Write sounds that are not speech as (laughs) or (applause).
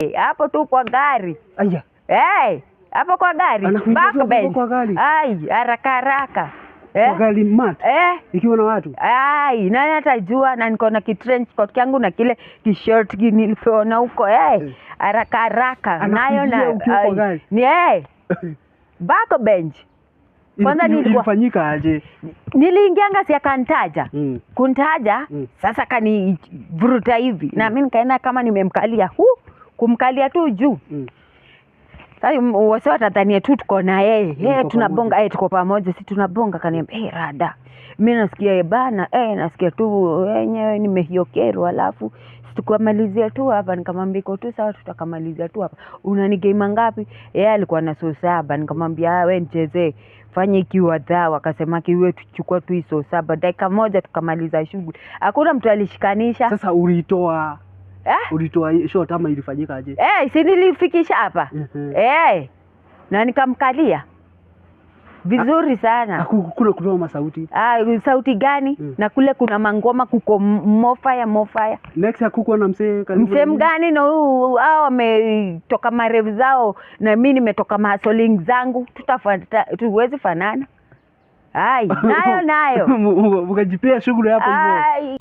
Eh, hapo tu kwa gari. Aya. Hey, hapo kwa gari. Backbench. Ai, haraka haraka. Eh? Gari mat. Eh? Ikiwa na watu. Ai, nani atajua na niko na kitrench coat yangu na kile t-shirt nilipeona huko. Eh, eh. Haraka haraka. Nayo na ni eh. Backbench. Kwanza nilifanyika aje? Niliingianga si akantaja mm. kunitaja mm. Sasa kanivuruta hivi mm. na mimi nikaenda kama nimemkalia huu kumkalia tu juu mm. Sasa wase watatania tu tuko na yeye hey, mm, tunabonga hey, eh, tuko pamoja, si tunabonga. Kaniambia hey, eh, rada, mi nasikia hey, eh, bana hey, nasikia tu wenyewe hey, nimehiokerwa alafu tukamalizia tu hapa. Nikamwambia iko tu sawa, tutakamalizia tu hapa. Unani game ngapi? Yeye yeah, alikuwa na so saba. Nikamwambia ah, we nicheze fanye kiwa dhao. Akasema kiwe tuchukua tu hizo saba, dakika moja tukamaliza shughuli. Hakuna mtu alishikanisha. Sasa ulitoa eh? Ulitoa shot ama ilifanyika aje? Eh, si nilifikisha hapa eh, na nikamkalia vizuri ah, sana. Ah, kule kutoa masauti ah, sauti gani? Hmm. na kule kuna mangoma kuko mofaya mofaya. Next hakukuwa na msee karibu msee gani na huu hao wametoka marevu zao na mimi nimetoka masoling zangu, tutafata tuwezi fanana. Ai, (laughs) nayo nayo mkajipea shughuli hapo.